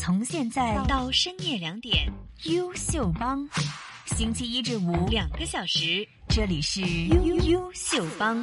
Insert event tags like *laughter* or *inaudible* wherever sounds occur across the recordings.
從現在到深夜兩點，優秀幫，星期一至五兩個小時，這裏是優優秀幫。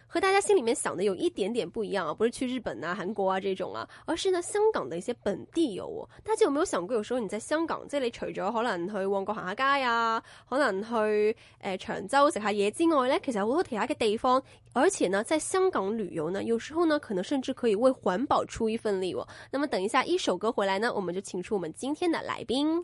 和大家心裏面想的有一點點不一樣啊，不是去日本吶、啊、韓國啊這種啊，而是呢，香港的一些本地遊、哦。大家有沒有想過，有時候你在香港這裏除咗可能去旺角行下街啊，可能去誒、呃、長洲食下嘢之外呢，其實好多其他嘅地方，而且呢，在香港旅遊呢，有時候呢可能甚至可以為環保出一份力哦。那麼等一下一首歌回來呢，我們就請出我們今天的來賓。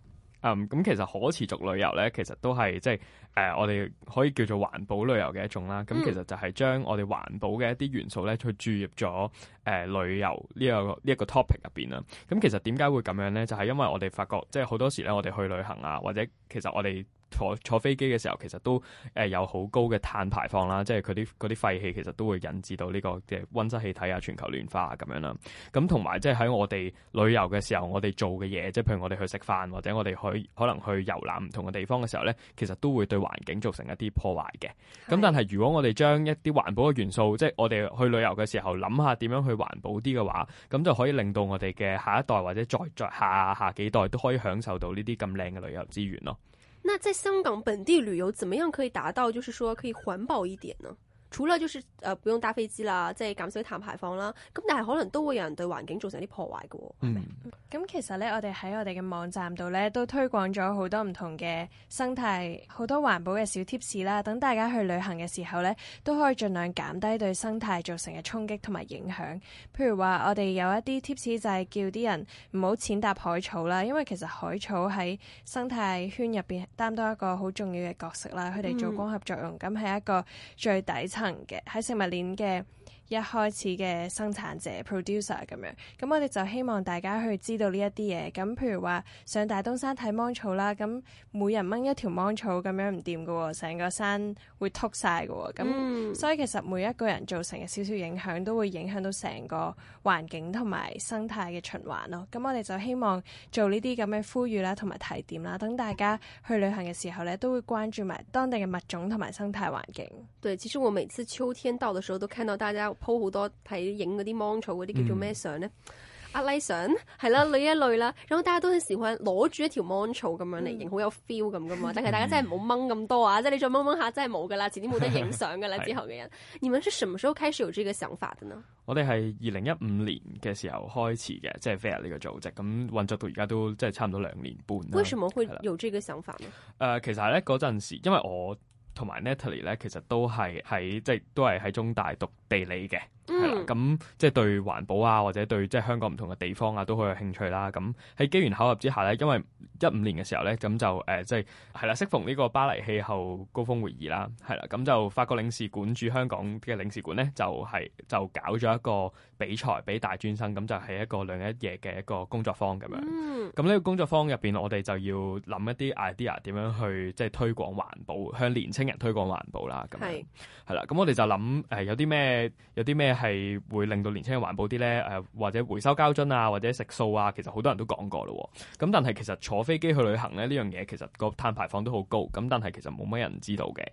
嗯，咁、um, 其實可持續旅遊咧，其實都係即係誒，我哋可以叫做環保旅遊嘅一種啦。咁、嗯、其實就係將我哋環保嘅一啲元素咧，去注入咗誒、呃、旅遊呢、呢個呢一、呢個 topic 入邊啊。咁、嗯、其實點解會咁樣咧？就係、係、因為我哋發覺，即係好多時咧，我哋去旅行啊，或者其實我哋。坐坐飛機嘅時候，其實都誒有好高嘅碳排放啦，即係佢啲啲廢氣，其實都會引致到呢個嘅溫室氣體啊，全球暖化啊咁樣啦。咁同埋即係喺我哋旅遊嘅時候，我哋做嘅嘢，即係譬如我哋去食飯，或者我哋去可能去遊覽唔同嘅地方嘅時候咧，其實都會對環境造成一啲破壞嘅。咁是的 但係如果我哋將一啲環保嘅元素，即係我哋去旅遊嘅時候，諗下點樣去環保啲嘅話，咁就可以令到我哋嘅下一代或者再再下下，下幾代都可以享受到呢啲咁靚嘅旅遊資源咯。那在香港本地旅遊，怎麼樣可以達到，就是說可以環保一點呢？除了就是誒不用搭飛機啦，即係減少碳排放啦。咁但係可能都會有人對環境造成啲破壞嘅。咁其實呢，我哋喺我哋嘅網站度呢，都推廣咗好多唔同嘅生態，好多環保嘅小 tips 啦。等大家去旅行嘅時候呢，都可以盡量減低對生態造成嘅衝擊同埋影響。譬如話，我哋有一啲 tips 就係叫啲人唔好踐踏海草啦，因為其實海草喺生態圈入邊擔當一個好重要嘅角色啦。佢哋做光合作用，咁係一個最底層。嗯行嘅喺食物鏈嘅。一開始嘅生產者 producer 咁樣，咁我哋就希望大家去知道呢一啲嘢。咁譬如話上大東山睇芒草啦，咁每人掹一條芒草咁樣唔掂噶喎，成個山會禿晒噶喎。咁所以其實每一個人造成嘅少少影響，都會影響到成個環境同埋生態嘅循環咯。咁我哋就希望做呢啲咁嘅呼籲啦，同埋提點啦，等大家去旅行嘅時候咧，都會關注埋當地嘅物種同埋生態環境。對，其實我每次秋天到嘅時候，都看到大家。鋪好多睇影嗰啲芒草嗰啲叫做咩相咧？嗯、阿麗相係啦，另一類啦。咁 *laughs* 大家都陣時攞住一條芒草咁樣嚟影，好、嗯、有 feel 咁噶嘛。但係大家真係唔好掹咁多啊！嗯、即係你再掹掹下，真係冇噶啦，遲啲冇得影相噶啦。 *laughs* 的之後嘅人，你們是什麼時候開始有呢個想法的呢？我哋係二零一五年嘅時候開始嘅，即係 Fair 呢個組織咁、嗯、運作到而家都即係差唔多兩年半。為什麼會有呢個想法呢？誒、呃呃，其實咧嗰陣時，呃、 *laughs* 因為我。同埋 Natalie 咧，其實都係喺即係都係喺中大讀地理嘅。係啦，咁即係對環保啊，或者對即係香港唔同嘅地方啊，都好有興趣啦。咁喺機緣巧合之下咧，因為一五年嘅時候咧，咁就誒即係係啦，適、呃就是、逢呢個巴黎氣候高峰會議啦，係啦，咁就法國領事館駐香港嘅領事館咧，就係、是、就搞咗一個比賽俾大專生，咁就係一個兩一夜嘅一個工作坊咁樣。咁呢、嗯、個工作坊入邊，我哋就要諗一啲 idea 點樣去即係、就是、推廣環保，向年青人推廣環保啦。咁係係啦，咁是我哋就諗誒、呃、有啲咩有啲咩。係會令到年輕人環保啲咧，誒或者回收膠樽啊，或者食素啊，其實好多人都講過咯。咁但係其實坐飛機去旅行咧，呢樣嘢，其實個碳排放都好高。咁但係其實冇乜人知道嘅。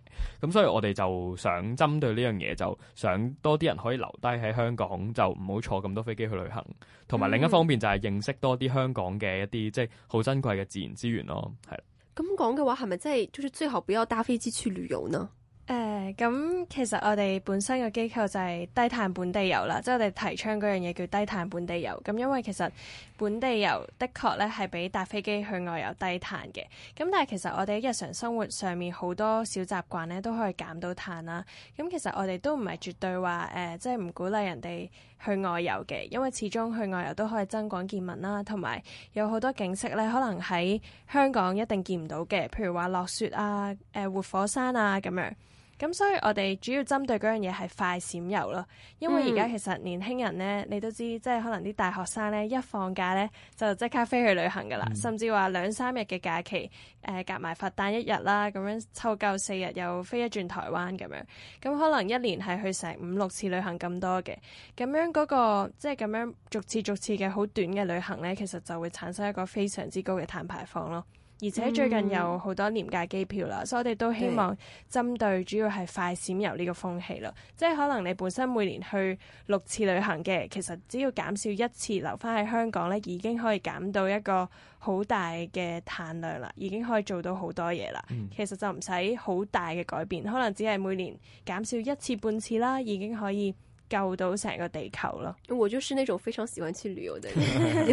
咁所以我哋就想針對呢樣嘢，就想多啲人可以留低喺香港，就唔好坐咁多飛機去旅行。同埋另一方面就係認識多啲香港嘅一啲、嗯、即係好珍貴嘅自然資源咯。係。咁講嘅話，係咪即係，就係最好不要搭飛機去旅遊呢？誒咁、嗯，其實我哋本身個機構就係低碳本地遊啦，即係我哋提倡嗰樣嘢叫低碳本地遊。咁因為其實本地遊的確咧係比搭飛機去外遊低碳嘅。咁但係其實我哋日常生活上面好多小習慣咧都可以減到碳啦。咁其實我哋都唔係絕對話誒、呃，即係唔鼓勵人哋去外遊嘅，因為始終去外遊都可以增廣見聞啦，同埋有好多景色咧可能喺香港一定見唔到嘅，譬如話落雪啊、誒、呃、活火山啊咁樣。咁所以我哋主要針對嗰樣嘢係快閃遊咯，因為而家其實年輕人咧，你都知，即係可能啲大學生咧一放假咧就即刻飛去旅行噶啦，嗯、甚至話兩三日嘅假期，誒夾埋佛誕一日啦，咁樣湊夠四日又飛一轉台灣咁樣，咁可能一年係去成五六次旅行咁多嘅，咁樣嗰、嗰個即係咁樣逐次逐次嘅好短嘅旅行咧，其實就會產生一個非常之高嘅碳排放咯。而且最近有好多廉價機票啦，嗯、所以我哋都希望針對主要係快閃遊呢個風氣咯，對、即係可能你本身每年去六次旅行嘅，其實只要減少一次留翻喺香港咧，已經可以減到一個好大嘅碳量啦，已經可以做到好多嘢啦。嗯、其實就唔使好大嘅改變，可能只係每年減少一次半次啦，已經可以。救到成個地球咯！我就是那種非常喜歡去旅遊的人。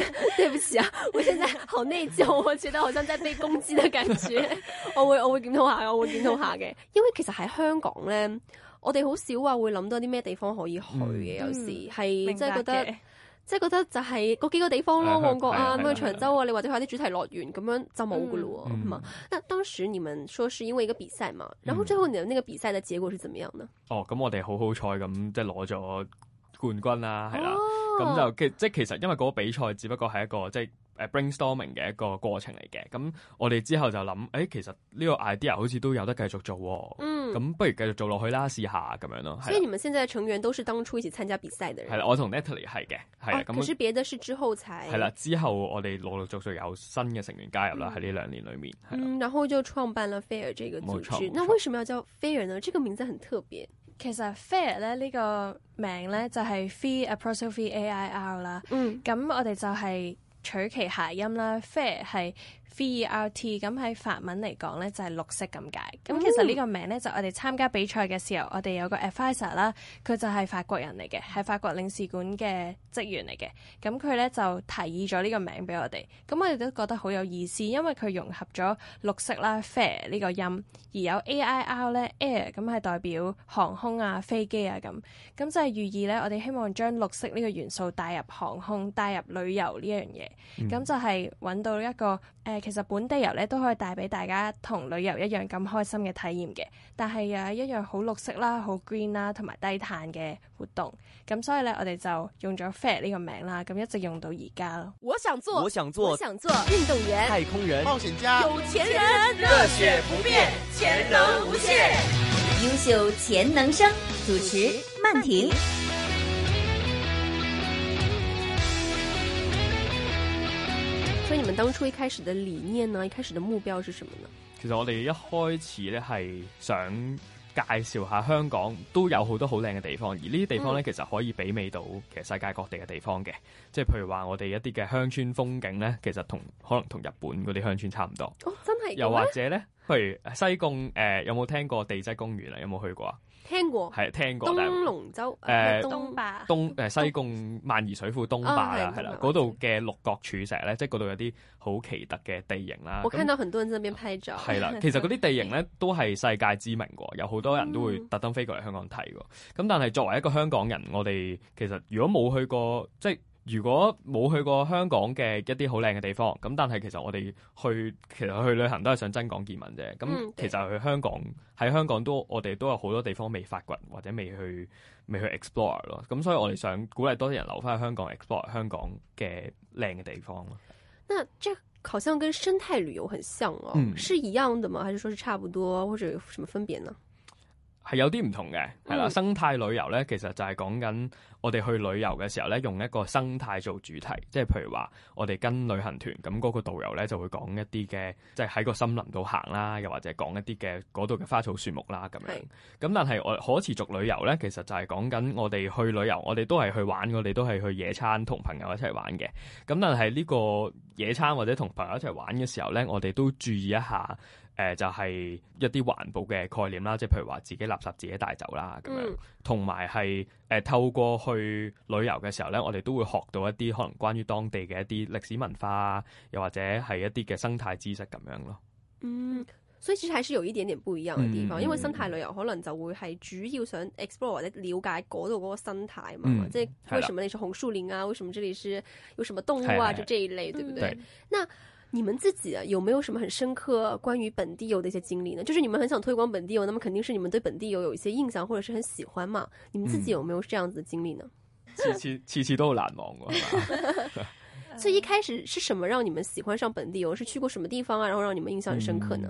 *laughs* *laughs* 對不起啊，我現在好內疚，我覺得好像在被攻擊的感覺。 *laughs* 我會我會檢討下，我會檢討下嘅。因為其實喺香港咧，我哋好少話會諗到啲咩地方可以去嘅。嗯、有時係即係覺得。即係覺得就係嗰幾個地方咯，旺角啊，咁樣、嗯、長洲啊，你或者開啲主題樂園咁、啊、樣就冇噶咯，嘛、嗯。但當時你哋說是，因為一個比賽嘛。然後最後你的那個比賽的結果是怎麼樣呢？嗯嗯、哦，咁我哋好好彩咁，即係攞咗冠軍啦，係啦，咁、哦、就其即係其實因為嗰個比賽只不過係一個即係 Brainstorming 嘅一個過程嚟嘅，咁我哋之後就諗，誒、欸、其實呢個 idea 好似都有得繼續做、哦，嗯，咁不如繼續做落去啦，試下咁樣咯。所以你們現在成員都是當初一起參加比賽嘅人？係啦，我同 Natalie 係嘅，係啊。可是別的是之後才係啦。之後我哋陸陸續續有新嘅成員加入啦，喺呢、嗯、兩年裡面、嗯。然後就創辦了 Fair 這個組織。那為什麼要叫 Fair 呢？呢、這個名字很特別，其實 Fair 咧呢個名咧就係 Free Approach Free A I L 啦。R，嗯，咁我哋就係、是。取其諧音啦，fair 係。V.E.R.T. 咁喺法文嚟講呢，就係綠色咁解。咁、嗯、其實呢個名呢，就我哋參加比賽嘅時候，我哋有個 adviser 啦，佢就係法國人嚟嘅，係法國領事館嘅職員嚟嘅。咁佢呢，就提議咗呢個名俾我哋。咁我哋都覺得好有意思，因為佢融合咗綠色啦，fair 呢個音，而有呢 A.I.R. 咧 air 咁係代表航空啊、飛機啊咁。咁就係寓意呢，我哋希望將綠色呢個元素帶入航空、帶入旅遊呢樣嘢。咁、嗯、就係揾到一個其實本地遊咧都可以帶俾大家同旅遊一樣咁開心嘅體驗嘅，但係又係一樣好綠色啦、好 green 啦，同埋低碳嘅活動。咁所以咧，我哋就用咗 Fair 呢個名啦，咁一直用到而家咯。我想做，我想做，我想做，我想做運動員、太空人、冒險家、有錢人，錢人熱血不變，潛能無限，優秀潛能生。主持：曼婷。當初一開始的理念呢？一開始嘅目標是什麼呢？其實我哋一開始咧係想介紹下香港都有好多好靚嘅地方，而呢啲地方咧、嗯、其實可以媲美到其實世界各地嘅地方嘅，即係譬如話我哋一啲嘅鄉村風景咧，其實同可能同日本嗰啲鄉村差唔多。哦，真係！又或者咧，譬如西貢誒、呃，有冇聽過地質公園啊？有冇去過啊？聽過係聽過，但係東龍洲誒東霸東西貢萬宜水庫東壩啦，係啦，嗰度嘅六角柱石咧，即係嗰度有啲好奇特嘅地形啦。我看到很多人喺邊拍照。係啦，其實嗰啲地形咧都係世界知名㗎，有好多人都會特登飛過嚟香港睇㗎。咁但係作為一個香港人，我哋其實如果冇去過，即係。如果冇去過香港嘅一啲好靚嘅地方，咁但係其實我哋去其實去旅行都係想增廣見聞啫。咁其實去香港喺 Okay. 香港都我哋都有好多地方未發掘或者未去未去 explore 咯。咁所以我哋想鼓勵多啲人留翻去香港 explore 香港嘅靚嘅地方咯。那這好像跟生態旅遊很像哦，嗯、是一樣的嗎？還是說是差不多，或者有什麼分別呢？係有啲唔同嘅，係啦。生態旅遊咧，其實就係講緊我哋去旅遊嘅時候咧，用一個生態做主題，即係譬如話我哋跟旅行團，咁嗰個導遊咧就會講一啲嘅，即係喺個森林度行啦，又或者講一啲嘅嗰度嘅花草樹木啦咁樣。咁但係我可持續旅遊咧，其實就係講緊我哋去旅遊，我哋都係去玩，我哋都係去野餐同朋友一齊玩嘅。咁但係呢個野餐或者同朋友一齊玩嘅時候咧，我哋都注意一下。誒、呃、就係、是、一啲環保嘅概念啦，即係譬如話自己垃圾自己帶走啦咁樣，同埋係誒透過去旅遊嘅時候咧，我哋都會學到一啲可能關於當地嘅一啲歷史文化、啊，又或者係一啲嘅生態知識咁樣咯。嗯，所以其實還是有一點點唔一樣嘅地方，嗯、因為生態旅遊可能就會係主要想 explore 或者了解嗰度嗰個生態啊嘛，嗯、即係為什麼你係紅樹林啊，對對對為什麼呢度係有什麼動物啊，就這一類對唔對,對？對對對那你們自己有沒有什麼很深刻關於本地遊的一些經歷呢？就是你們很想推廣本地遊，那麼肯定是你們對本地遊有一些印象或者是很喜歡嘛？嗯、你們自己有沒有這樣子的經歷呢？次次次次都好難忘啊！ *laughs* *laughs* 所以一開始是什麼讓你們喜歡上本地遊？是去過什麼地方啊，然後讓你們印象很深刻呢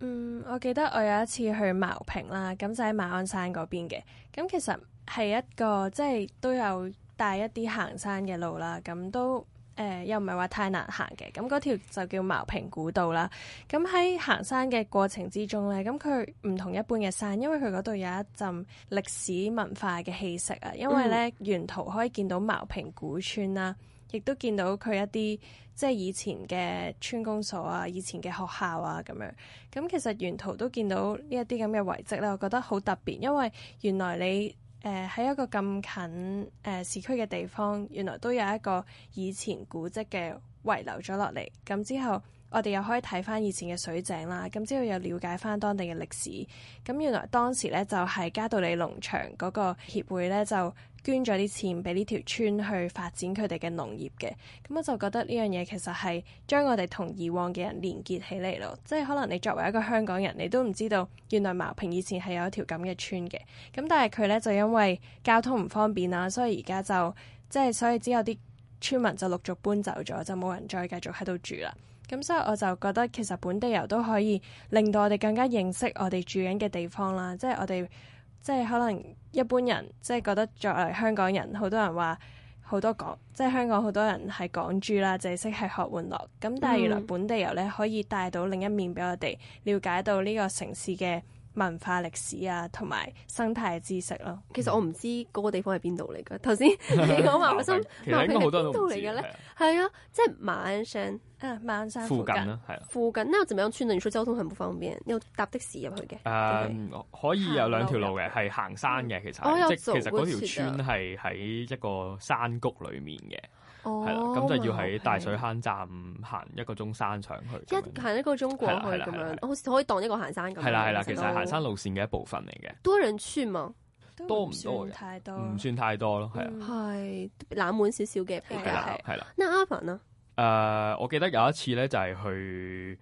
嗯？嗯，我記得我有一次去茅坪啦，咁就喺馬鞍山嗰邊嘅，咁其實係一個即係、就是、都有帶一啲行山嘅路啦，咁都。誒、呃、又唔係話太難行嘅，咁嗰條就叫茅坪古道啦。咁喺行山嘅過程之中咧，咁佢唔同一般嘅山，因為佢嗰度有一陣歷史文化嘅氣息啊。因為咧，嗯、沿途可以見到茅坪古村啦，亦都見到佢一啲即係以前嘅村公所啊、以前嘅學校啊咁樣。咁其實沿途都見到呢一啲咁嘅遺跡咧，我覺得好特別，因為原來你。誒喺、呃、一個咁近誒、呃、市區嘅地方，原來都有一個以前古蹟嘅遺留咗落嚟。咁之後，我哋又可以睇翻以前嘅水井啦。咁之後又了解翻當地嘅歷史。咁原來當時咧就係、是、嘉道理農場嗰個協會咧就。捐咗啲錢俾呢條村去發展佢哋嘅農業嘅，咁我就覺得呢樣嘢其實係將我哋同以往嘅人連結起嚟咯。即係可能你作為一個香港人，你都唔知道原來茅坪以前係有一條咁嘅村嘅。咁但係佢呢，就因為交通唔方便啦，所以而家就即係所以只有啲村民就陸續搬走咗，就冇人再繼續喺度住啦。咁所以我就覺得其實本地遊都可以令到我哋更加認識我哋住緊嘅地方啦。即係我哋。即係可能一般人即係覺得作為香港人，好多人話好多講，即係香港好多人係港豬啦，淨係識係學玩樂。咁但係原來本地人遊咧，可以帶到另一面俾我哋了解到呢個城市嘅。文化歷史啊，同埋生態嘅知識咯、啊。其實我唔知嗰個地方係邊度嚟嘅。頭先 *laughs* 你講馬生， *laughs* 其實應該好多都唔知邊度嚟嘅咧。係啊，即係馬鞍山啊，馬鞍山附近啦，係啊。附近？呢？又點樣村，呢？你說交通很不方便，要搭的士入去嘅。誒、啊，okay，可以有兩條路嘅，係行山嘅。其實即係其實嗰條村係喺一個山谷裏面嘅。係啦，咁就要喺大水坑站行一個鐘山上去，一行一個鐘過去咁樣，好似可以當一個行山咁。係啦係啦，其實行山路線嘅一部分嚟嘅。多人去嘛，多唔多嘅？唔算太多咯，係啊。係冷門少少嘅，比較。係啦。那阿凡呢？誒，我記得有一次咧就係去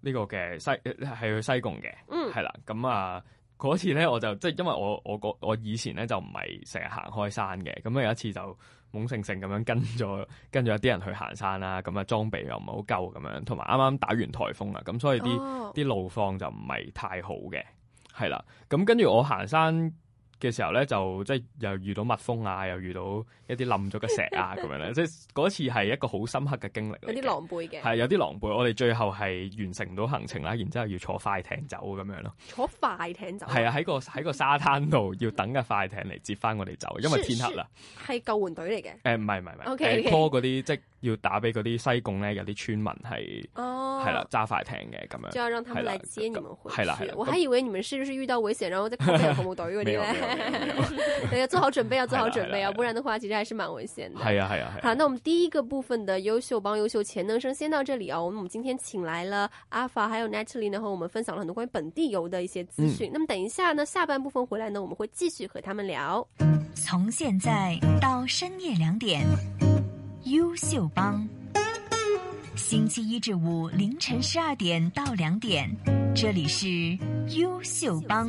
呢個嘅西，係去西貢嘅，嗯，係啦。咁啊嗰次咧我就即係因為我我我以前咧就唔係成日行開山嘅，咁啊有一次就。懵盛盛咁樣跟咗跟咗一啲人去行山啦，啊，咁啊裝備又唔係好夠咁樣，同埋啱啱打完颱風啦，咁所以啲啲，oh. 路況就唔係太好嘅，係啦，咁跟住我行山嘅時候咧，就即係又遇到蜜蜂啊，又遇到一啲冧咗嘅石啊，咁 *laughs* 樣咧，即係嗰次係一個好深刻嘅經歷嚟嘅。有啲狼狽嘅，係有啲狼狽。我哋最後係完成唔到行程啦，然之後要坐快艇走咁樣咯。坐快艇走。係啊，喺個喺個沙灘度要等架快艇嚟接翻我哋走，因為天黑啦。係救援隊嚟嘅。誒唔係唔係唔係，拖嗰啲即要打俾嗰啲西貢呢，有啲村民係，係啦、oh，揸快艇嘅咁樣，就要讓他們嚟接你們回去，係啦，我還以為你們是不是遇到危險，然後再翻嚟紅毛島嗰啲咧，等要做好準備要，要做好準備，啊。 *laughs* 不然的話其實還是蠻危險嘅。係啊係啊，好，那我們第一個部分的優秀幫優秀潛能生先到這裡啊，我們今天請來了阿法，p 還有 Natalie 呢，和我們分享了很多關於本地遊的一些資訊。嗯、那麼等一下呢下半部分回來呢，我們會繼續和他們聊，從現在到深夜兩點。優秀幫，星期一至五，凌晨十二點到兩點，這裏是優秀幫。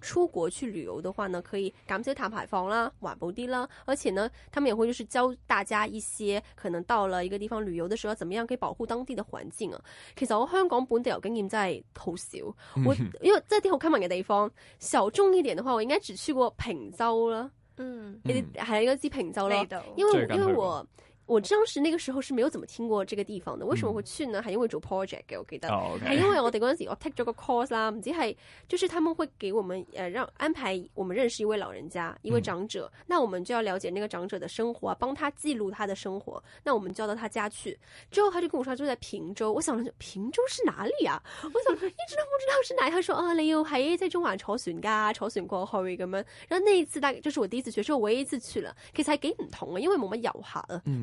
出國去旅遊的話呢，可以減少碳排放啦、環保啲啦，而且呢，他們也會就是教大家一些可能到了一個地方旅遊的時候，怎麼樣可以保護當地的環境啊。其實我香港本地有經驗真係好少，嗯、我因為真係啲好 common 嘅地方，小眾啲嘅人嘅話，我應該只去過平洲啦。嗯，你係應該知平洲啦，因為、嗯、因為我。我當時那個時候是沒有怎麼聽過這個地方的，為什麼會去呢？還因為做 project 給我給到，係因為我哋嗰陣時我 take 這個 course 啦，唔係，就是他們會給我們呃讓安排我們認識一位老人家，一位長者，嗯、那我們就要了解那個長者的生活，啊，幫他記錄他的生活，那我們就要到他家去，之後他就跟我說他住在平洲，我想平洲是哪裏啊？我想，一直都不知道是哪，他說，啊，你又喺在中環朝鮮噶、啊，朝鮮過去咁樣，然後那一次大概就是我第一次去，是我唯一一次去了，其實還幾唔同啊，因為我們遊下。啊、嗯，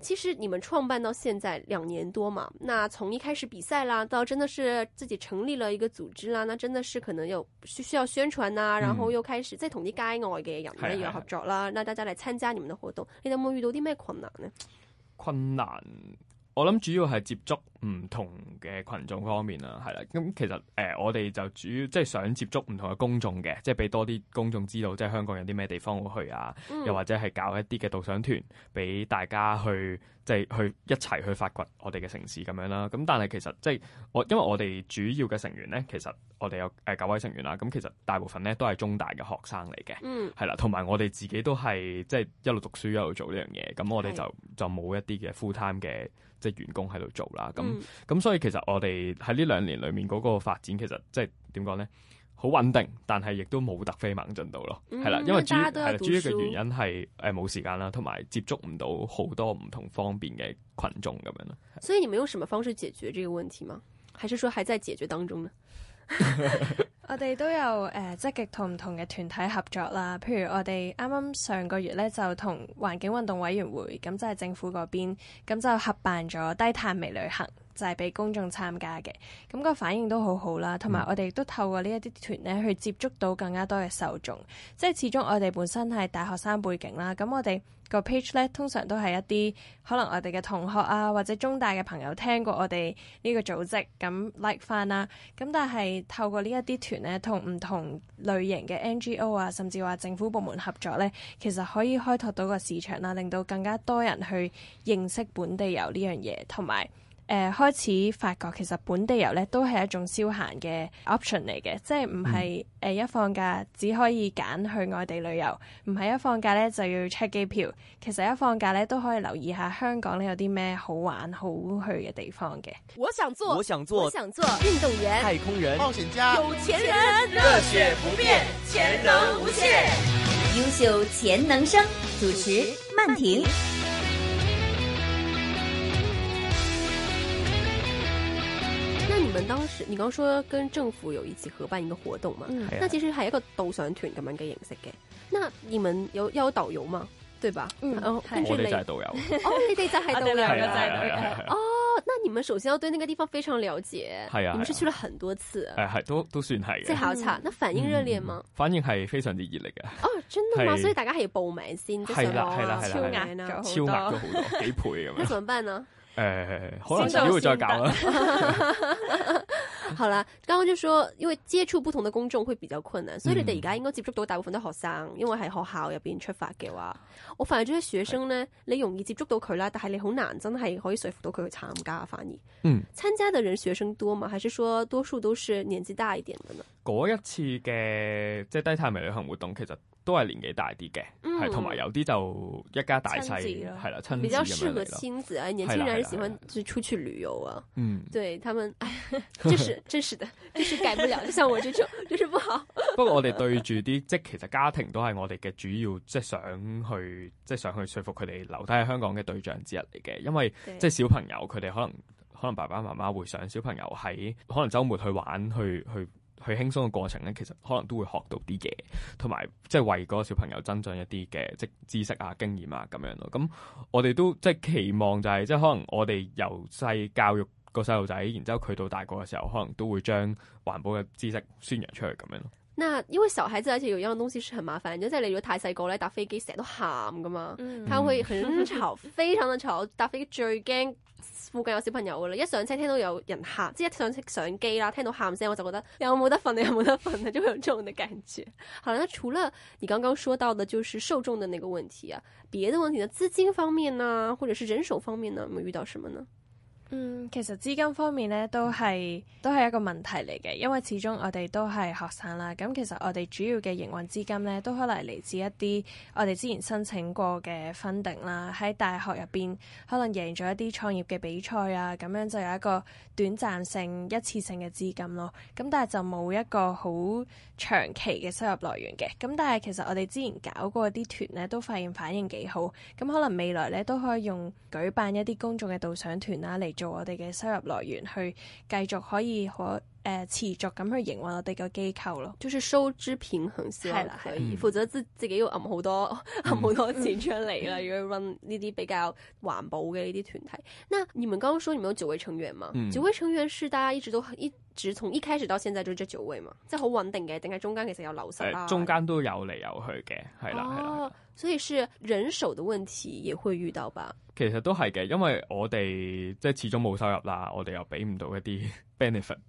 其實你們創辦到現在兩年多嘛，那從一開始比賽啦，到真的是自己成立了一個組織啦，那真的是可能又需要宣傳啊，然後又開始即係同啲街外嘅人咧合作啦，嗯、那大家嚟參加你們嘅活動，的你有冇遇到啲咩困難呢？困難，我諗主要係接觸。唔同嘅群眾方面啦，係啦，咁其實誒、呃、我哋就主要即係想接觸唔同嘅公眾嘅，即係俾多啲公眾知道，即係香港有啲咩地方好去啊，嗯、又或者係搞一啲嘅導賞團俾大家去即係去一齊去發掘我哋嘅城市咁樣啦。咁但係其實即係我因為我哋主要嘅成員咧，其實我哋有誒九位成員啦，咁其實大部分咧都係中大嘅學生嚟嘅，係啦、嗯，同埋我哋自己都係即係一路讀書一路做呢樣嘢，咁我哋就是的 就冇一啲嘅 full time 嘅即係員工喺度做啦，咁、嗯。嗯。咁、 *music* 嗯、所以其實我哋喺呢兩年裏面嗰個發展其實即係點講咧，好穩定，但係亦都冇突飛猛進到咯，係啦、嗯，因為主係主要嘅原因係誒冇時間啦，同埋接觸唔到好多唔同方便嘅群眾咁樣咯。嗯、對所以你們用什麼方式解決這個問題嗎？喺書書係真係解決當中啦。我哋都有誒積極同唔同嘅團體合作啦，譬如我哋啱啱上個月咧就同環境運動委員會咁就係政府嗰邊咁就合辦咗低碳微旅,旅行。就係俾公眾參加嘅，咁個反應都好好啦。同埋，我哋亦都透過呢一啲團咧，去接觸到更加多嘅受眾。即係始終，我哋本身係大學生背景啦。咁我哋個 page 咧，通常都係一啲可能我哋嘅同學啊，或者中大嘅朋友聽過我哋呢個組織咁 like 翻啦。咁、嗯、但係透過呢一啲團咧，同唔同類型嘅 NGO 啊，甚至話政府部門合作咧，其實可以開拓到個市場啦、啊，令到更加多人去認識本地遊呢樣嘢，同埋，誒、呃、開始發覺其實本地遊咧都係一種消閒嘅 option 嚟嘅，即係唔係誒一放假只可以揀去外地旅遊，唔係一放假咧就要 check 機票。其實一放假咧都可以留意下香港咧有啲咩好玩好去嘅地方嘅。我想做，我想做，我想做運動員、太空人、冒險家、有錢人，熱血不變，潛能無限，優秀潛能生，主持曼婷。你們當時，你剛說跟政府有一起合辦一個活動嘛？嗯。那其實係一個導賞團咁樣嘅形式嘅。那你們有要有導遊嗎？對吧？嗯，跟着嚟。我就係導遊。哦，你哋就係導遊。啊，兩個在哦，那你們首先要對那個地方非常了解。係啊。你們是去了很多次。誒，係都都算係即係考察，那反應熱烈嗎？反應係非常之熱烈嘅。哦，真的嘛？所以大家係要報名先。係啦，係啦，係啦。超額咗，超額咗好幾倍咁樣。怎麼辦呢？誒、呃，可能只會再搞啦。好啦，剛剛就說，因為接觸不同的公眾會比較困難，所以你哋而家應該接觸到大部分的學生，因為喺學校入邊出發嘅話，我發現咗啲學生呢，你容易接觸到佢啦，但係你好難真係可以說服到佢去參加，反而。嗯，參 *laughs* 加的人學生多嗎？還是說多數都是年紀大一點嘅呢？嗰、嗯、一次嘅即係低碳微旅行活動，其實。都係年紀大啲嘅，係，同埋有啲就一家大細，係啦，親子比較適合親子啊，年輕人係喜歡出去旅遊啊。嗯，對他們，哎、就是真實、就是、的，就是改不了， *laughs* 就像我這種，就是不好。 *laughs* 不過我哋對住啲，即其實家庭都係我哋嘅主要，即係想去，即係想，想去說服佢哋留低喺香港嘅對象之一嚟嘅，因為對即係小朋友，佢哋可能可能爸爸媽媽會想小朋友喺，可能週末去玩，去去。去佢輕鬆嘅過程咧，其實可能都會學到啲嘢，同埋即係為嗰個小朋友增進一啲嘅即知識啊、經驗啊咁樣咯。咁我哋都即係、就是、期望就係、是、即係可能我哋由細教育個細路仔，然之後佢到大個嘅時候，可能都會將環保嘅知識宣揚出去咁樣咯。那因為小孩子而且用一樣東西是很麻煩，即係你如果太細個咧搭飛機成日都喊噶嘛，佢會、嗯、很吵， *laughs* 非常的吵。搭飛機最驚。附近有小朋友噶啦，一上車聽到有人喊，即係一上相機啦，聽到喊聲我就覺得有冇得瞓，有冇得瞓啊，就會有呢種的感覺。 *laughs* 好啦，除了你剛剛說到的，就是受眾的那個問題啊，別的問題呢？資金方面呢、啊，或者是人手方面呢、啊，有冇遇到什麼呢？嗯，其實資金方面咧都係都係一個問題嚟嘅，因為始終我哋都係學生啦。咁其實我哋主要嘅營運資金咧都可能嚟自一啲我哋之前申請過嘅 funding 啦，喺大學入邊可能贏咗一啲創業嘅比賽啊，咁樣就有一個短暫性一次性嘅資金咯。咁但係就冇一個好長期嘅收入來源嘅。咁但係其實我哋之前搞過啲團咧，都發現反應幾好。咁可能未來咧都可以用舉辦一啲公眾嘅導賞團啦、啊、嚟。做我哋嘅收入來源，去繼續可以可。誒、呃，持續咁去營運我哋個機構咯，就是收支平衡先可以。負責自自己要揞好多揞好多錢出嚟啦。如果 run 呢啲比較環保嘅呢啲團體，那你們剛剛說你們有九位成員嘛？九、嗯、位成員是大家一直都一直從一,一開始到現在就這九位嘛？即係好穩定嘅，定係中間其實有流失、啊、中間都有嚟有去嘅，係啦係啦。啊、所以是人手嘅問題也會遇到吧？其實都係嘅，因為我哋即係始終冇收入啦，我哋又俾唔到一啲。 *laughs*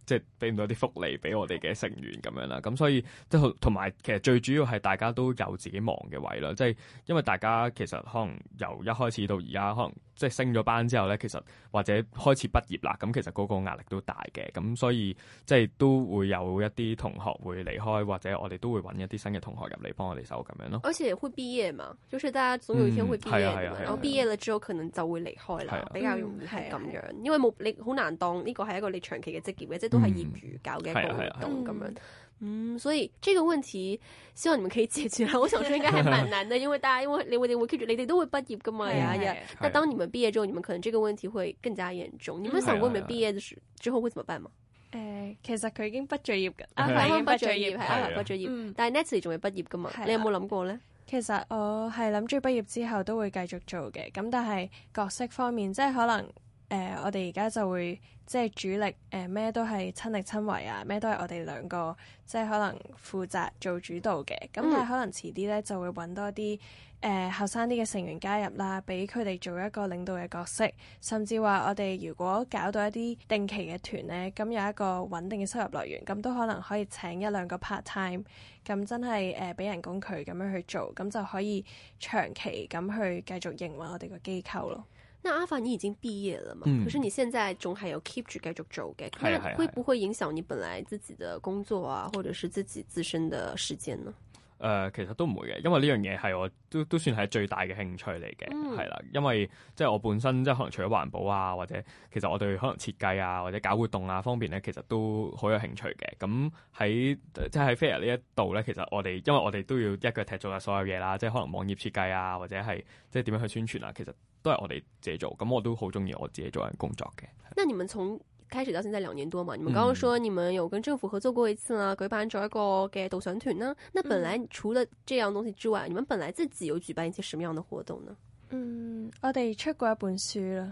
即係俾唔到啲福利俾我哋嘅成員咁樣啦，咁所以即係同埋其實最主要係大家都有自己忙嘅位啦，即係因為大家其實可能由一開始到而家可能。即係升咗班之後咧，其實或者開始畢業啦，咁其實嗰個壓力都大嘅，咁所以即係都會有一啲同學會離開，或者我哋都會搵一啲新嘅同學入嚟幫我哋手咁樣咯。好似會畢業嘛，就似、是、大家總有一天會畢業，嗯啊啊啊啊、我畢業了之後可能就會離開啦，啊、比較容易係咁樣，啊啊、因為冇你好難當呢個係一個你長期嘅職業嘅，即係都係業餘搞嘅一個活動咁樣、嗯。嗯，所以這個問題希望你們可以解決啦。我想說應該還蠻難的，因為大家因為你會你會 keep 住，你哋都會畢業噶嘛呀呀。那當你們畢業之後，你們可能這個問題會更加嚴重。你有冇想過你們畢業的時之後會怎麼辦嗎？誒，其實佢已經畢咗業噶，阿范已經畢咗業，阿范畢咗業，但係 Natalie 仲未畢業噶嘛？你有冇諗過咧？其實我係諗住畢業之後都會繼續做嘅，咁但係角色方面即係可能。誒、呃，我哋而家就會即係主力，誒、呃、咩都係親力親為啊，咩都係我哋兩個即係可能負責做主導嘅。咁佢、嗯、可能遲啲咧就會搵多啲誒後生啲嘅成員加入啦，俾佢哋做一個領導嘅角色。甚至話我哋如果搞到一啲定期嘅團咧，咁有一個穩定嘅收入來源，咁都可能可以請一兩個 part time，咁真係誒俾人工佢咁樣去做，咁就可以長期咁去繼續營運我哋個機構咯。那阿法，你已經畢業了嘛？嗯、可是你現在仲係有 keep 住繼續做嘅，那、嗯、會不會影響你本來自己嘅工作啊，或者是自己自身嘅時間呢？誒、呃，其實都唔會嘅，因為呢樣嘢係我都都算係最大嘅興趣嚟嘅，係啦、嗯。因為即係我本身即係可能除咗環保啊，或者其實我對可能設計啊或者搞活動啊方面咧，其實都好有興趣嘅。咁喺即係喺 fair 呢一度咧，其實我哋因為我哋都要一腳踢做下所有嘢啦，即係可能網頁設計啊，或者係即係點樣去宣傳啊，其實。都係我哋自己做，咁我都好中意我自己做人工作嘅。那你們從開始到現在兩年多嘛？你們剛剛說你們有跟政府合作過一次啦，舉辦咗一個嘅導賞團啦。那本來除了這樣東西之外，你們本來自己有舉辦一些什麼樣的活動呢？嗯，我哋出過一本書啦。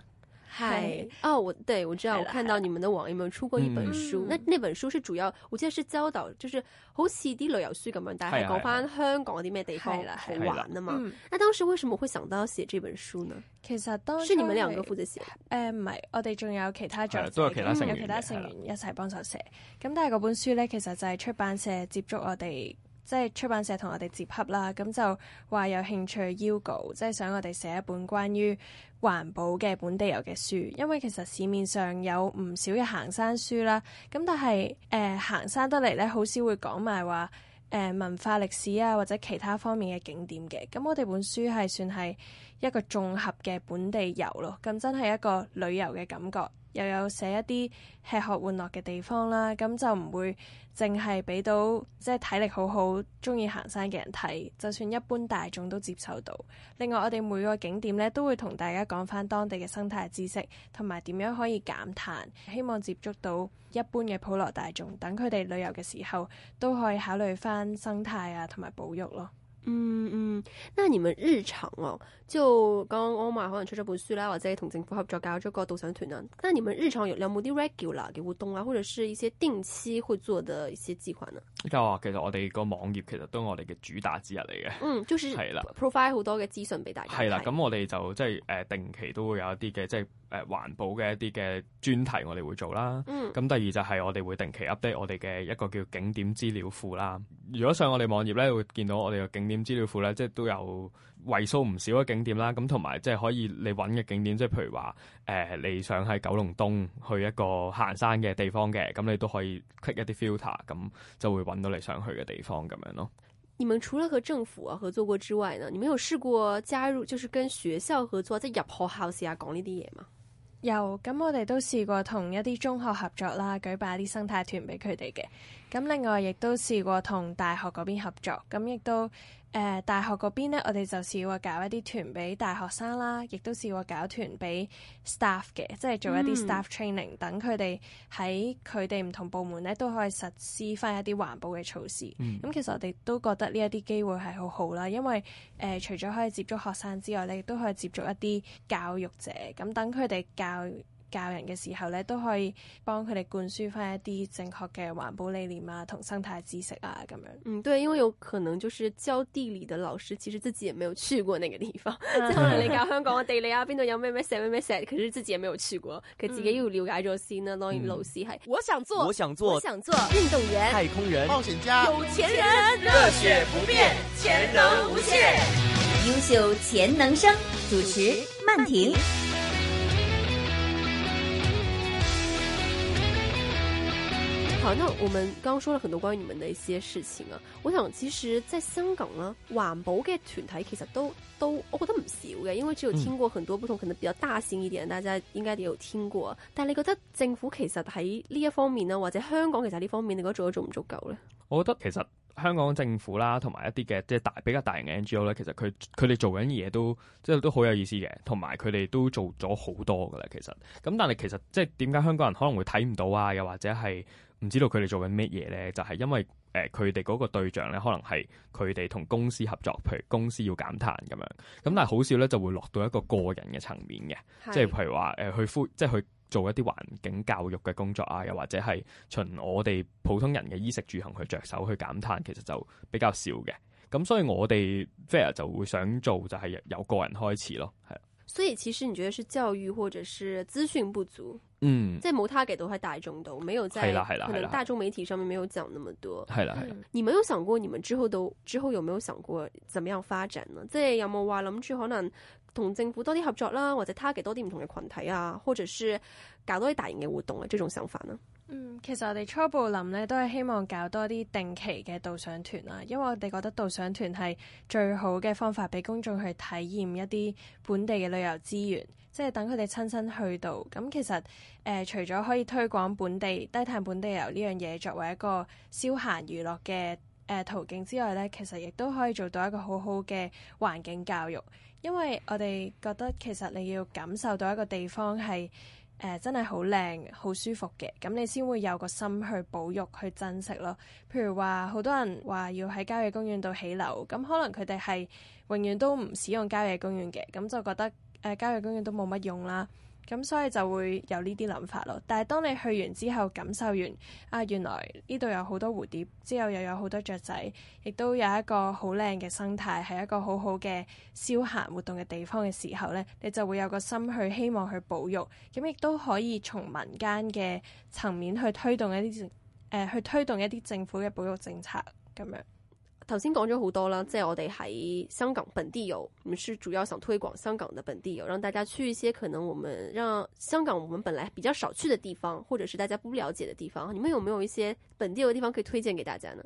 係哦，我對我知道，我看到你們的網友有出過一本書。那那本書是主要，我記得是教導，就是好似啲旅遊書咁樣，但係講翻香港啲咩地方啦，好玩啊嘛。那當時為什麼會想到寫這本書呢？其實當然係你們兩個負責寫，誒唔係，我哋仲有其他作者，都有其他成員，有其他成員一齊幫手寫。咁但係嗰本書咧，其實就係出版社接觸我哋。即係出版社同我哋接洽啦，咁就話有興趣邀稿，即係想我哋寫一本關於環保嘅本地遊嘅書。因為其實市面上有唔少嘅行山書啦，咁但係誒、呃、行山得嚟咧，好少會講埋話誒文化歷史啊或者其他方面嘅景點嘅。咁我哋本書係算係一個綜合嘅本地遊咯，咁真係一個旅遊嘅感覺。又有寫一啲吃喝玩樂嘅地方啦，咁就唔會淨係俾到即係體力好好、中意行山嘅人睇，就算一般大眾都接受到。另外，我哋每個景點咧都會同大家講返當地嘅生態知識，同埋點樣可以減碳，希望接觸到一般嘅普羅大眾，等佢哋旅遊嘅時候都可以考慮返生態啊同埋保育咯。嗯嗯，那你們日常哦、啊，就剛剛歐馬可能出咗本書啦，或者同政府合作搞咗個導賞團啊，那你們日常有冇啲 regular 嘅活動啊，或者是一些定期會做的一些計劃呢？就、哦、其實我哋個網頁其實都係我哋嘅主打之一嚟嘅。嗯，就是係啦，provide 好多嘅資訊俾大家，係啦，咁我哋就即係誒定期都會有一啲嘅即係誒環保嘅一啲嘅專題我哋會做啦，嗯，咁第二就係我哋會定期 update 我哋嘅一個叫景點資料庫啦，如果上我哋網頁咧會見到我哋嘅景點。點資料庫咧，即係都有為數唔少嘅景點啦。咁同埋即係可以你揾嘅景點，即係譬如話誒、呃，你想喺九龍東去一個行山嘅地方嘅，咁你都可以 click 一啲 filter，咁就會揾到你想去嘅地方咁樣咯。你們除咗和政府合作過之外，呢，你們有試過加入，就是跟學校合作，即、就、係、是、入學校試下講呢啲嘢嗎？有，咁我哋都試過同一啲中學合作啦，舉辦一啲生態團俾佢哋嘅。咁另外亦都試過同大學嗰邊合作，咁亦都。誒、uh, 大學嗰邊咧，我哋就試過搞一啲團俾大學生啦，亦都試過搞團俾 staff 嘅，即係做一啲 staff training，等佢哋喺佢哋唔同部門咧都可以實施翻一啲環保嘅措施。咁、嗯、其實我哋都覺得呢一啲機會係好好啦，因為誒、呃、除咗可以接觸學生之外，咧亦都可以接觸一啲教育者，咁等佢哋教。教人嘅時候咧，都可以幫佢哋灌輸翻一啲正確嘅環保理念啊，同生態知識啊咁樣。嗯，對，因為有可能，就是教地理嘅老師，其實自己也沒有去過那個地方。即係可能你教香港嘅地理啊，邊度有咩咩 set 咩咩 set，自己也沒有去過，佢自己要了解咗先。嘅 knowledge 我想做，我想做，我想做運動員、太空人、冒險家、有錢人，熱血不變，潛能無限，優秀潛能生主持曼婷。好，那 *music* 我們剛剛說了很多關於你們的一些事情啊。我想，其實，在香港呢，環保嘅團體其實都都，我覺得唔少嘅，因為只有聽過很多不同，可能比較大型一點，大家應該都有聽過。但係你覺得政府其實喺呢一方面啊，或者香港其實呢方面，你覺得做得足唔足夠咧？我覺得其實香港政府啦，同埋一啲嘅即係大比較大型嘅 NGO 咧，其實佢佢哋做緊嘢，都即係都好有意思嘅，同埋佢哋都做咗好多噶啦。其實咁，但係其實即係點解香港人可能會睇唔到啊？又或者係？唔知道佢哋做緊咩嘢咧，就係、是、因為誒佢哋嗰個對象咧，可能係佢哋同公司合作，譬如公司要減碳咁樣咁，但係好少咧就會落到一個個人嘅層面嘅是、呃，即係譬如話誒去呼即係去做一啲環境教育嘅工作啊，又或者係循我哋普通人嘅衣食住行去着手去減碳，其實就比較少嘅。咁所以我哋 Fair 就會想做就係由個人開始咯，係。所以其實你覺得是教育或者是資訊不足，嗯，即係冇 target 都係大眾，我沒有在係啦係啦，可能大眾媒體上面沒有講那麼多，係啦係啦，而冇有想過你們之後都之後有冇有想過怎麼樣發展呢？即係有冇話諗住可能同政府多啲合作啦，或者 target 多啲唔同嘅群體啊，或者是搞多啲大型嘅活動啊，這種想法呢？嗯，其實我哋初步諗咧，都係希望搞多啲定期嘅導賞團啦，因為我哋覺得導賞團係最好嘅方法，俾公眾去體驗一啲本地嘅旅遊資源，即係等佢哋親身去到。咁、嗯、其實誒、呃，除咗可以推廣本地低碳本地遊呢樣嘢作為一個消閒娛樂嘅誒途徑之外咧，其實亦都可以做到一個好好嘅環境教育，因為我哋覺得其實你要感受到一個地方係，誒、呃、真係好靚，好舒服嘅，咁你先會有個心去保育，去珍惜咯。譬如話，好多人話要喺郊野公園度起樓，咁可能佢哋係永遠都唔使用郊野公園嘅，咁就覺得誒、呃、郊野公園都冇乜用啦。咁所以就會有呢啲諗法咯。但係當你去完之後，感受完啊，原來呢度有好多蝴蝶，之後又有好多雀仔，亦都有一個好靚嘅生態，係一個好好嘅消閒活動嘅地方嘅時候咧，你就會有個心去希望去保育，咁亦都可以從民間嘅層面去推動一啲政、呃、去推動一啲政府嘅保育政策咁樣。頭先講咗好多啦，即係我哋喺香港本地遊，你們是主要想推廣香港嘅本地遊，讓大家去一些可能我們讓香港我們本來比較少去嘅地方，或者是大家不了解嘅地方。你們有沒有一些本地遊地方可以推薦給大家呢？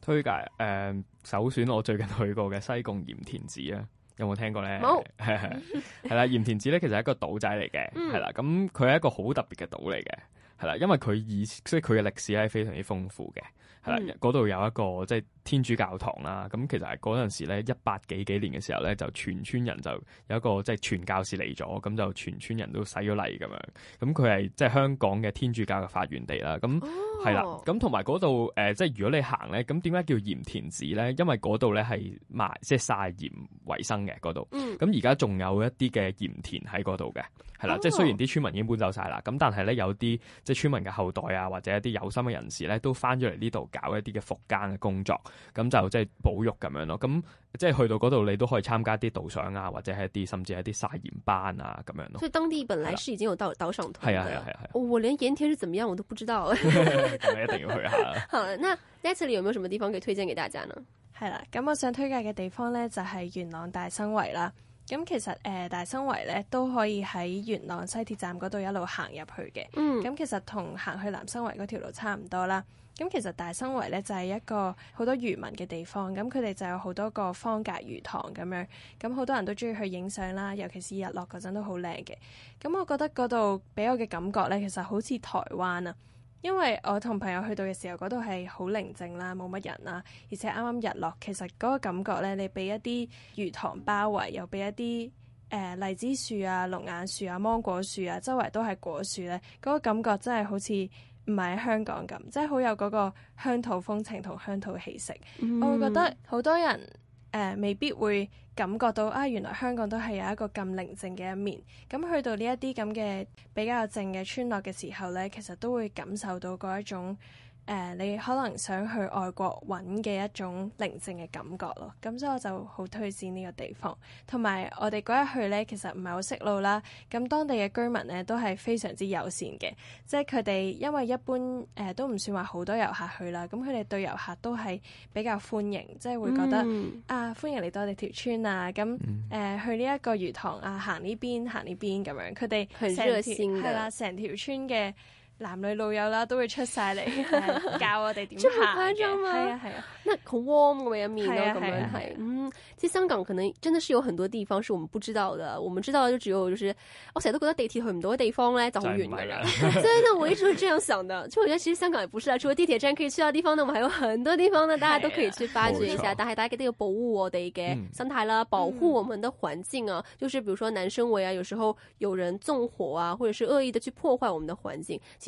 推介誒、呃，首選我最近去過嘅西貢鹽田梓啊，有冇聽過咧？冇係啦，鹽田梓咧其實係一個島仔嚟嘅，係啦、嗯，咁佢係一個好特別嘅島嚟嘅，係啦，因為佢以前即係佢嘅歷史係非常之豐富嘅。係啦，嗰度有一個即係天主教堂啦。咁其實係嗰陣時咧，一八幾幾年嘅時候咧，就全村人就有一個即係傳教士嚟咗，咁就全村人都洗咗禮咁樣。咁佢係即係香港嘅天主教嘅發源地啦。咁係啦，咁同埋嗰度誒，即係如果你行咧，咁點解叫鹽田寺咧？因為嗰度咧係賣即係曬鹽為生嘅嗰度。咁而家仲有一啲嘅鹽田喺嗰度嘅，係啦。哦、即係雖然啲村民已經搬走晒啦，咁但係咧有啲即係村民嘅後代啊，或者一啲有心嘅人士咧，都翻咗嚟呢度。搞一啲嘅復耕嘅工作，咁就即係保育咁樣咯。咁即係去到嗰度，你都可以參加啲導賞啊，或者係一啲甚至係一啲曬鹽班啊咁樣咯。所以當地本來是已經有導導賞團。係啊係啊係啊、哦！我連鹽田是怎麼樣，我都不知道。 *laughs* *laughs* 你一定要去下。 *laughs* 好，那呢一次你有冇什麼地方可以推薦畀大家呢？係啦、啊，咁我想推介嘅地方咧就係、是、元朗大生圍啦。咁其實誒、呃、大生圍咧都可以喺元朗西鐵站嗰度一路行入去嘅。嗯。咁其實同行去南生圍嗰條路差唔多啦。咁其實大生圍咧就係、是、一個好多漁民嘅地方，咁佢哋就有好多個方格魚塘咁樣，咁好多人都鍾意去影相啦，尤其是日落嗰陣都好靚嘅。咁我覺得嗰度俾我嘅感覺咧，其實好似台灣啊，因為我同朋友去到嘅時候，嗰度係好寧靜啦，冇乜人啊，而且啱啱日落，其實嗰個感覺咧，你俾一啲魚塘包圍，又俾一啲誒、呃、荔枝樹啊、龍眼樹啊、芒果樹啊，周圍都係果樹咧，嗰、那個感覺真係好似～唔係喺香港咁，即係好有嗰個鄉土風情同鄉土氣息。Mm. 我會覺得好多人誒、呃、未必會感覺到啊，原來香港都係有一個咁寧靜嘅一面。咁去到呢一啲咁嘅比較靜嘅村落嘅時候呢，其實都會感受到嗰一種。誒、呃，你可能想去外國揾嘅一種寧靜嘅感覺咯，咁、嗯、所以我就好推薦呢個地方。同埋我哋嗰日去呢，其實唔係好識路啦，咁、嗯、當地嘅居民呢，都係非常之友善嘅，即係佢哋因為一般誒、呃、都唔算話好多遊客去啦，咁佢哋對遊客都係比較歡迎，即係會覺得、嗯、啊歡迎嚟到我哋條村啊，咁、嗯、誒、嗯呃、去呢一個魚塘啊，行呢邊行呢邊咁樣，佢哋成條係啦，成條村嘅。男女老友啦，都會出晒嚟 *laughs* 教我哋點化妝啊！係啊係啊，咩好 warm 咁樣面咯，咁樣係嗯，即係香港可能真的是有很多地方是我們不知道的，我們知道就只有就是我成日都覺得地鐵去唔到嘅地方咧，就好遠嘅，所以呢，我一直係這樣想的，就我覺得其實香港也不是啦，除咗地鐵站可以去到地方呢，我哋還有很多地方呢，大家都可以去發掘一下。 *laughs* 但係大家記得要保護我哋嘅生態啦，嗯嗯、保護我們的環境啊，就是比如說南生圍啊，有時候有人縱火啊，或者是惡意的去破壞我們的環境。